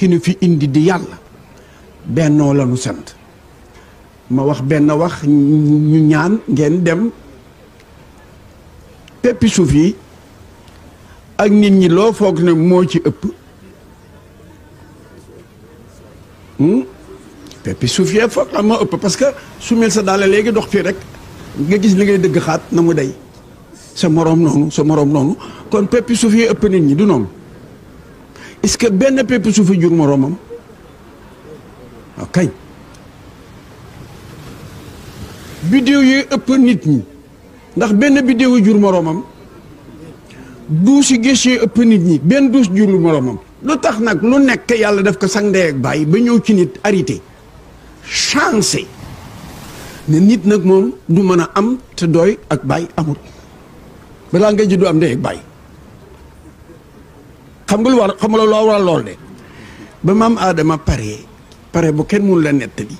ki nu fi indi di yàlla bennoo la nu sant ma wax benn wax ñu ñaan ngeen dem peppi suuf yi ak nit ñi loo foog ne moo ci ëpp hmm? peppi suuf yee foog la moo ëpp parce que su mel sa daala léegi dox fii rek nga gis li ngay dëgg xaat na mu dey sa moroom noonu sa moroom noonu kon peppi suuf yi ëpp nit ñi du noonu est-ce que benn pepp suufa jur moroomam waaw kañ bidéew yee ëpp nit ñi ndax benn bidéewu jur moroomam duusi géchee ëpp nit ñi benn duus jur moroomam lu tax nag lu nekk yàlla daf ko sang ndey ak bàyyi ba ñëw ci nit arité chancé ne nit nag moom du mën am te doy ak bàyyi amut balaa nga ji du am ndey ak bàyyi xam nga lu war xam nga loo war lool de ba maam aadama pare pare bu kenn mënu la nettali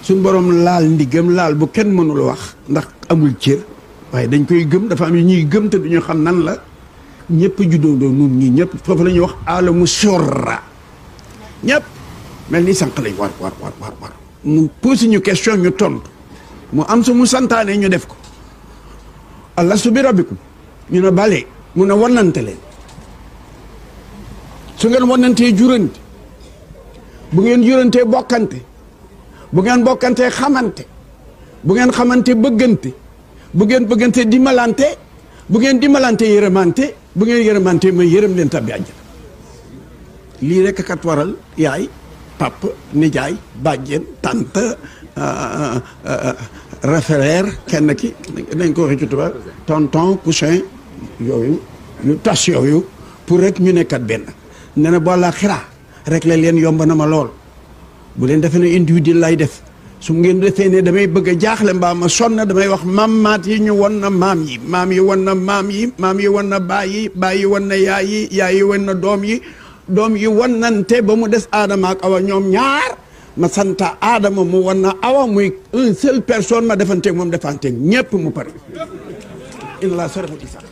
suñ borom laal ndigam laal bu kenn mënul wax ndax amul cër waaye dañ koy gëm dafa am yu ñuy gëm te ñu xam nan la ñëpp juddoo doon nun ñii ñëpp foofu la ñuy wax alamu sorra ñëpp mel ni sànq lañ war war war mu posé ñu question ñu tontu mu am su mu santaane ñu def ko allah su bi rabbikum ñu ne bale mu ne warnante leen su ngeen wanantee jurante bu ngeen jurantee bokkante bu ngeen bokkantee xamante bu ngeen xamante bëggante bu ngeen bëggante dimbalante bu ngeen dimbalante yërëmante bu ngeen yërëmante mooy yërëm leen tabbi àjjana lii rekk kat waral yaay pap nijaay bàjjen tànt euh, euh, euh, référère kenn ki nañ ko waxee ci tubaab tonton cousin yooyu yu tas yooyu pour rek ñu nekkat benn ne na bu rek la leen yomb na ma lool bu leen defee na ne individuel lay def su ngeen defee ne damay bëgg a jaaxle mbaam ma sonn damay wax maam maat yi ñu won na maam yi maam yi won na maam yi maam yi won na baay yi baay na yaay yi yaay yi won na doom yi doom yi won nante ba mu des aadama ak awa ñoom ñaar ma santa aadama mu won na awa muy un seul personne ma defanteeg moom defanteeg ñépp mu pare. inna